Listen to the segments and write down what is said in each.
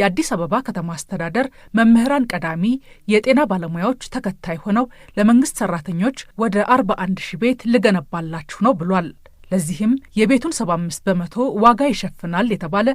የአዲስ አበባ ከተማ አስተዳደር መምህራን ቀዳሚ፣ የጤና ባለሙያዎች ተከታይ ሆነው ለመንግስት ሰራተኞች ወደ 41 ሺህ ቤት ልገነባላችሁ ነው ብሏል። ለዚህም የቤቱን 75 በመቶ ዋጋ ይሸፍናል የተባለ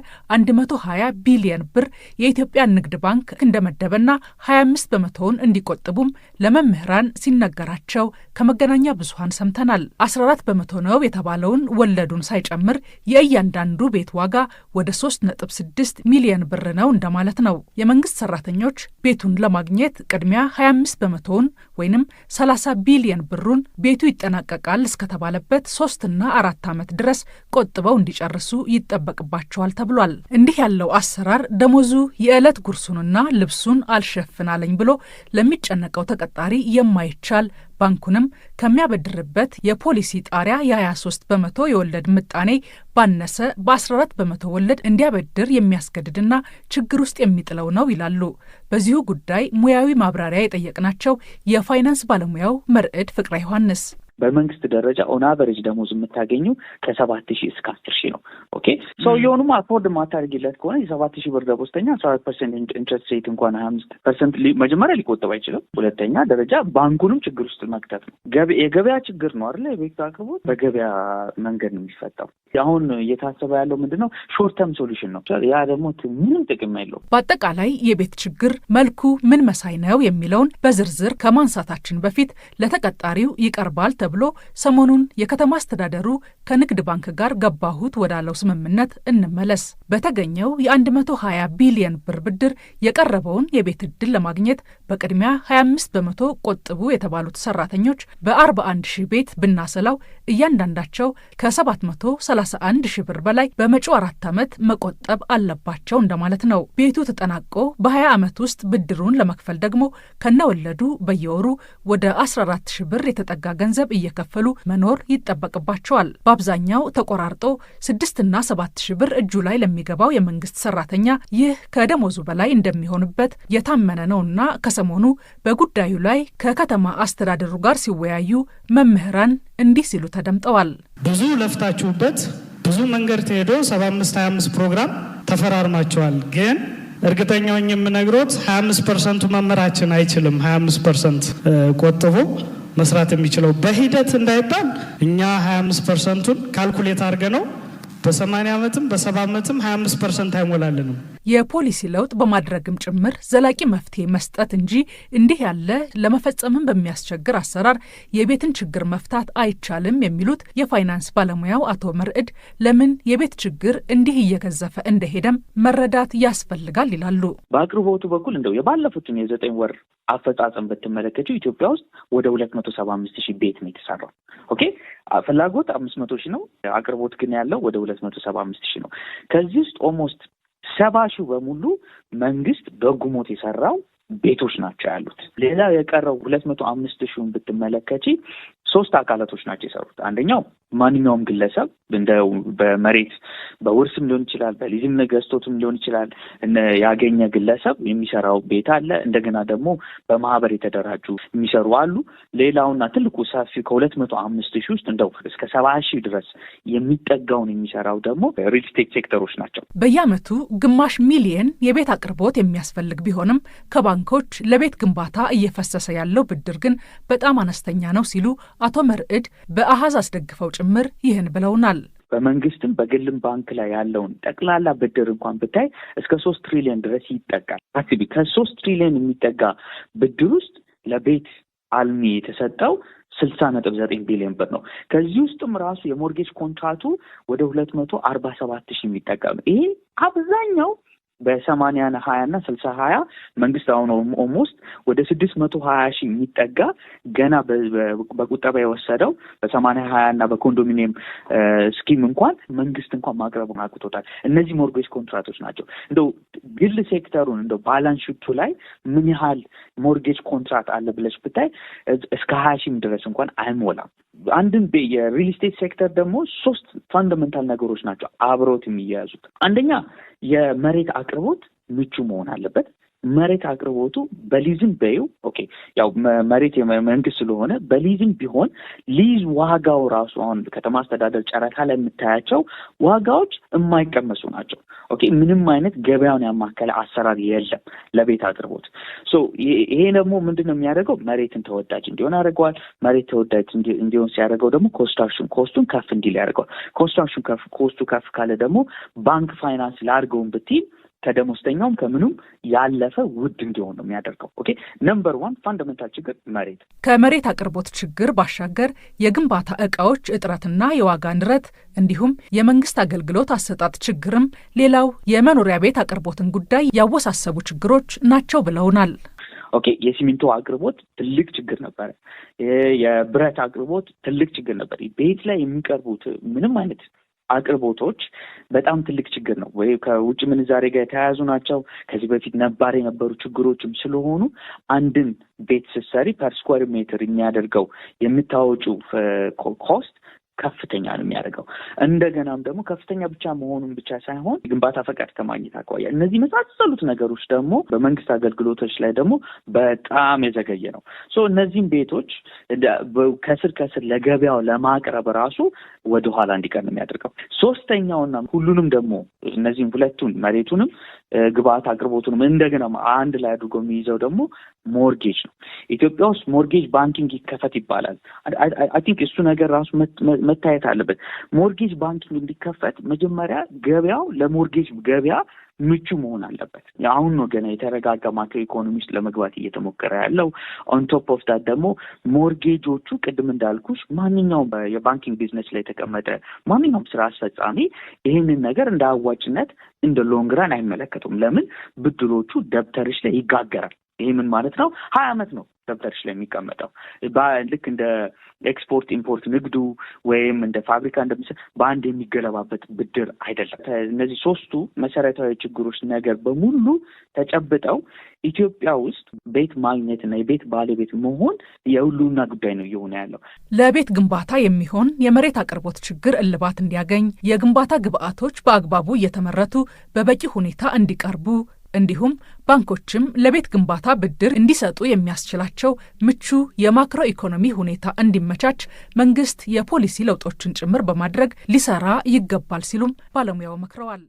120 ቢሊየን ብር የኢትዮጵያ ንግድ ባንክ እንደመደበና 25 በመቶውን እንዲቆጥቡም ለመምህራን ሲነገራቸው ከመገናኛ ብዙሃን ሰምተናል። 14 በመቶ ነው የተባለውን ወለዱን ሳይጨምር የእያንዳንዱ ቤት ዋጋ ወደ 3.6 ሚሊየን ብር ነው እንደማለት ነው። የመንግስት ሰራተኞች ቤቱን ለማግኘት ቅድሚያ 25 በመቶውን ወይንም 30 ቢሊየን ብሩን ቤቱ ይጠናቀቃል እስከተባለበት ሶስትና አራት አራት ዓመት ድረስ ቆጥበው እንዲጨርሱ ይጠበቅባቸዋል ተብሏል። እንዲህ ያለው አሰራር ደሞዙ የዕለት ጉርሱንና ልብሱን አልሸፍናለኝ ብሎ ለሚጨነቀው ተቀጣሪ የማይቻል ባንኩንም ከሚያበድርበት የፖሊሲ ጣሪያ የ23 በመቶ የወለድ ምጣኔ ባነሰ በ14 በመቶ ወለድ እንዲያበድር የሚያስገድድና ችግር ውስጥ የሚጥለው ነው ይላሉ። በዚሁ ጉዳይ ሙያዊ ማብራሪያ የጠየቅናቸው የፋይናንስ ባለሙያው መርዕድ ፍቅረ ዮሐንስ በመንግስት ደረጃ ኦን አቨሬጅ ደሞዝ የምታገኙ ከሰባት ሺህ እስከ አስር ሺህ ነው። ኦኬ ሰውየውንም አፎርድ ማታደርግለት ከሆነ የሰባት ሺህ ብር ደሞዝተኛ አስራ አራት ፐርሰንት ኢንትረስት ሬት እንኳን ሀያ አምስት ፐርሰንት መጀመሪያ ሊቆጠብ አይችልም። ሁለተኛ ደረጃ ባንኩንም ችግር ውስጥ መክተት ነው። የገበያ ችግር ነው አይደለ? የቤት አቅርቦት በገበያ መንገድ ነው የሚፈጠው። አሁን እየታሰበ ያለው ምንድን ነው? ሾርት ተርም ሶሉሽን ነው። ያ ደግሞ ምንም ጥቅም የለው። በአጠቃላይ የቤት ችግር መልኩ ምን መሳይ ነው የሚለውን በዝርዝር ከማንሳታችን በፊት ለተቀጣሪው ይቀርባል ተብሎ ሰሞኑን የከተማ አስተዳደሩ ከንግድ ባንክ ጋር ገባሁት ወዳለው ስምምነት ስምምነት እንመለስ። በተገኘው የ120 ቢሊየን ብር ብድር የቀረበውን የቤት ዕድል ለማግኘት በቅድሚያ 25 በመቶ ቆጥቡ የተባሉት ሰራተኞች በ41 ሺህ ቤት ብናሰላው እያንዳንዳቸው ከ731 ሺህ ብር በላይ በመጪው አራት ዓመት መቆጠብ አለባቸው እንደማለት ነው። ቤቱ ተጠናቆ በ20 ዓመት ውስጥ ብድሩን ለመክፈል ደግሞ ከነወለዱ በየወሩ ወደ 14 ሺህ ብር የተጠጋ ገንዘብ እየከፈሉ መኖር ይጠበቅባቸዋል። በአብዛኛው ተቆራርጦ ስድስትና ሰባት ሺህ ብር እጁ ላይ ለሚገባው የመንግስት ሰራተኛ ይህ ከደሞዙ በላይ እንደሚሆንበት የታመነ ነውና ከሰሞኑ በጉዳዩ ላይ ከከተማ አስተዳደሩ ጋር ሲወያዩ መምህራን እንዲህ ሲሉ ተደምጠዋል። ብዙ ለፍታችሁበት ብዙ መንገድ ተሄዶ 7525 ፕሮግራም ተፈራርማቸዋል። ግን እርግጠኛውን የምነግሮት 25 ፐርሰንቱ መምህራችን አይችልም 25 ፐርሰንት ቆጥቦ መስራት የሚችለው በሂደት እንዳይባል እኛ 25 ፐርሰንቱን ካልኩሌት አድርገ ነው በ80 ዓመትም በ70 ዓመትም 25 ፐርሰንት አይሞላልንም። የፖሊሲ ለውጥ በማድረግም ጭምር ዘላቂ መፍትሄ መስጠት እንጂ እንዲህ ያለ ለመፈጸምም በሚያስቸግር አሰራር የቤትን ችግር መፍታት አይቻልም የሚሉት የፋይናንስ ባለሙያው አቶ መርዕድ ለምን የቤት ችግር እንዲህ እየገዘፈ እንደሄደም መረዳት ያስፈልጋል ይላሉ። በአቅርቦቱ በኩል እንደው የባለፉትን የዘጠኝ ወር አፈጻጸም ብትመለከችው ኢትዮጵያ ውስጥ ወደ ሁለት መቶ ሰባ አምስት ሺህ ቤት ነው የተሰራው። ኦኬ ፍላጎት አምስት መቶ ሺህ ነው። አቅርቦት ግን ያለው ወደ ሁለት መቶ ሰባ አምስት ሺህ ነው። ከዚህ ውስጥ ኦልሞስት ሰባሹ በሙሉ መንግስት በጉሞት የሰራው ቤቶች ናቸው ያሉት። ሌላ የቀረው ሁለት መቶ አምስት ሺውን ብትመለከቺ ሶስት አካላቶች ናቸው የሰሩት። አንደኛው ማንኛውም ግለሰብ እንደ በመሬት በውርስም ሊሆን ይችላል፣ በሊዝም ገዝቶትም ሊሆን ይችላል ያገኘ ግለሰብ የሚሰራው ቤት አለ። እንደገና ደግሞ በማህበር የተደራጁ የሚሰሩ አሉ። ሌላውና ትልቁ ሰፊ ከሁለት መቶ አምስት ሺህ ውስጥ እንደው እስከ ሰባ ሺህ ድረስ የሚጠጋውን የሚሰራው ደግሞ ሪል ስቴት ሴክተሮች ናቸው። በየአመቱ ግማሽ ሚሊየን የቤት አቅርቦት የሚያስፈልግ ቢሆንም ከባንኮች ለቤት ግንባታ እየፈሰሰ ያለው ብድር ግን በጣም አነስተኛ ነው ሲሉ አቶ መርዕድ በአሃዝ አስደግፈው ጭምር ይህን ብለውናል። በመንግስትም በግልም ባንክ ላይ ያለውን ጠቅላላ ብድር እንኳን ብታይ እስከ ሶስት ትሪሊዮን ድረስ ይጠጋል። አክቲቪ ከሶስት ትሪሊዮን የሚጠጋ ብድር ውስጥ ለቤት አልሚ የተሰጠው ስልሳ ነጥብ ዘጠኝ ቢሊዮን ብር ነው። ከዚህ ውስጥም ራሱ የሞርጌጅ ኮንትራቱ ወደ ሁለት መቶ አርባ ሰባት ሺህ የሚጠጋ ነው። ይሄ አብዛኛው በሰማኒያ ሀያ እና ስልሳ ሀያ መንግስት አሁን ኦልሞስት ወደ ስድስት መቶ ሀያ ሺህ የሚጠጋ ገና በቁጠባ የወሰደው በሰማኒያ ሀያ እና በኮንዶሚኒየም ስኪም እንኳን መንግስት እንኳን ማቅረቡን አቅቶታል። እነዚህ ሞርጌጅ ኮንትራቶች ናቸው። እንደው ግል ሴክተሩን እንደው ባላንስ ሽቱ ላይ ምን ያህል ሞርጌጅ ኮንትራት አለ ብለሽ ብታይ እስከ ሀያ ሺህም ድረስ እንኳን አይሞላም። አንድን የሪል ስቴት ሴክተር ደግሞ ሶስት ፋንዳመንታል ነገሮች ናቸው አብረውት የሚያያዙት አንደኛ የመሬት አቅርቦት ምቹ መሆን አለበት። መሬት አቅርቦቱ በሊዝም በዩ ኦኬ፣ ያው መሬት መንግስት ስለሆነ በሊዝም ቢሆን ሊዝ ዋጋው ራሱ አሁን ከተማ አስተዳደር ጨረታ ላይ የምታያቸው ዋጋዎች የማይቀመሱ ናቸው። ኦኬ፣ ምንም አይነት ገበያውን ያማከለ አሰራር የለም ለቤት አቅርቦት። ሶ ይሄ ደግሞ ምንድን ነው የሚያደርገው? መሬትን ተወዳጅ እንዲሆን ያደርገዋል። መሬት ተወዳጅ እንዲሆን ሲያደርገው ደግሞ ኮንስትራክሽን ኮስቱን ከፍ እንዲል ያደርገዋል። ኮንስትራክሽን ኮስቱ ከፍ ካለ ደግሞ ባንክ ፋይናንስ ላድርገውን ብትል ከደሞዝተኛውም ከምኑም ያለፈ ውድ እንዲሆን ነው የሚያደርገው። ኦኬ ነምበር ዋን ፋንዳሜንታል ችግር መሬት። ከመሬት አቅርቦት ችግር ባሻገር የግንባታ እቃዎች እጥረትና የዋጋ ንረት እንዲሁም የመንግስት አገልግሎት አሰጣጥ ችግርም ሌላው የመኖሪያ ቤት አቅርቦትን ጉዳይ ያወሳሰቡ ችግሮች ናቸው ብለውናል። ኦኬ የሲሚንቶ አቅርቦት ትልቅ ችግር ነበረ። የብረት አቅርቦት ትልቅ ችግር ነበር። ቤት ላይ የሚቀርቡት ምንም አይነት አቅርቦቶች በጣም ትልቅ ችግር ነው ወይ ከውጭ ምንዛሬ ጋር የተያያዙ ናቸው። ከዚህ በፊት ነባር የነበሩ ችግሮችም ስለሆኑ አንድን ቤት ስትሰሪ ፐር ስኳር ሜትር የሚያደርገው የምታወጩ ኮስት ከፍተኛ ነው የሚያደርገው። እንደገናም ደግሞ ከፍተኛ ብቻ መሆኑን ብቻ ሳይሆን ግንባታ ፈቃድ ከማግኘት አኳያ እነዚህ መሳሰሉት ነገሮች ደግሞ በመንግስት አገልግሎቶች ላይ ደግሞ በጣም የዘገየ ነው። እነዚህም ቤቶች ከስር ከስር ለገበያው ለማቅረብ ራሱ ወደኋላ እንዲቀር ነው የሚያደርገው። ሶስተኛውና ሁሉንም ደግሞ እነዚህም ሁለቱን መሬቱንም ግብአት አቅርቦቱንም እንደገና አንድ ላይ አድርጎ የሚይዘው ደግሞ ሞርጌጅ ነው። ኢትዮጵያ ውስጥ ሞርጌጅ ባንኪንግ ይከፈት ይባላል። አይ ቲንክ እሱ ነገር ራሱ መታየት አለበት። ሞርጌጅ ባንኪንግ እንዲከፈት መጀመሪያ ገበያው ለሞርጌጅ ገበያ ምቹ መሆን አለበት። አሁን ነው ገና የተረጋጋ ማክሮ ኢኮኖሚ ውስጥ ለመግባት እየተሞከረ ያለው። ኦንቶፕ ኦፍ ዳት ደግሞ ሞርጌጆቹ ቅድም እንዳልኩሽ ማንኛውም የባንኪንግ ቢዝነስ ላይ የተቀመጠ ማንኛውም ስራ አስፈጻሚ ይህንን ነገር እንደ አዋጭነት እንደ ሎንግራን አይመለከቱም። ለምን ብድሮቹ ደብተርሽ ላይ ይጋገራል። ይሄ ምን ማለት ነው? ሀያ ዓመት ነው ደብተርሽ ላይ የሚቀመጠው ልክ እንደ ኤክስፖርት ኢምፖርት ንግዱ ወይም እንደ ፋብሪካ እንደምስ በአንድ የሚገለባበት ብድር አይደለም። እነዚህ ሶስቱ መሰረታዊ ችግሮች ነገር በሙሉ ተጨብጠው ኢትዮጵያ ውስጥ ቤት እና የቤት ባለቤት መሆን የሁሉና ጉዳይ ነው እየሆነ ያለው። ለቤት ግንባታ የሚሆን የመሬት አቅርቦት ችግር እልባት እንዲያገኝ የግንባታ ግብአቶች በአግባቡ እየተመረቱ በበቂ ሁኔታ እንዲቀርቡ እንዲሁም ባንኮችም ለቤት ግንባታ ብድር እንዲሰጡ የሚያስችላቸው ምቹ የማክሮ ኢኮኖሚ ሁኔታ እንዲመቻች መንግስት የፖሊሲ ለውጦችን ጭምር በማድረግ ሊሰራ ይገባል ሲሉም ባለሙያው መክረዋል።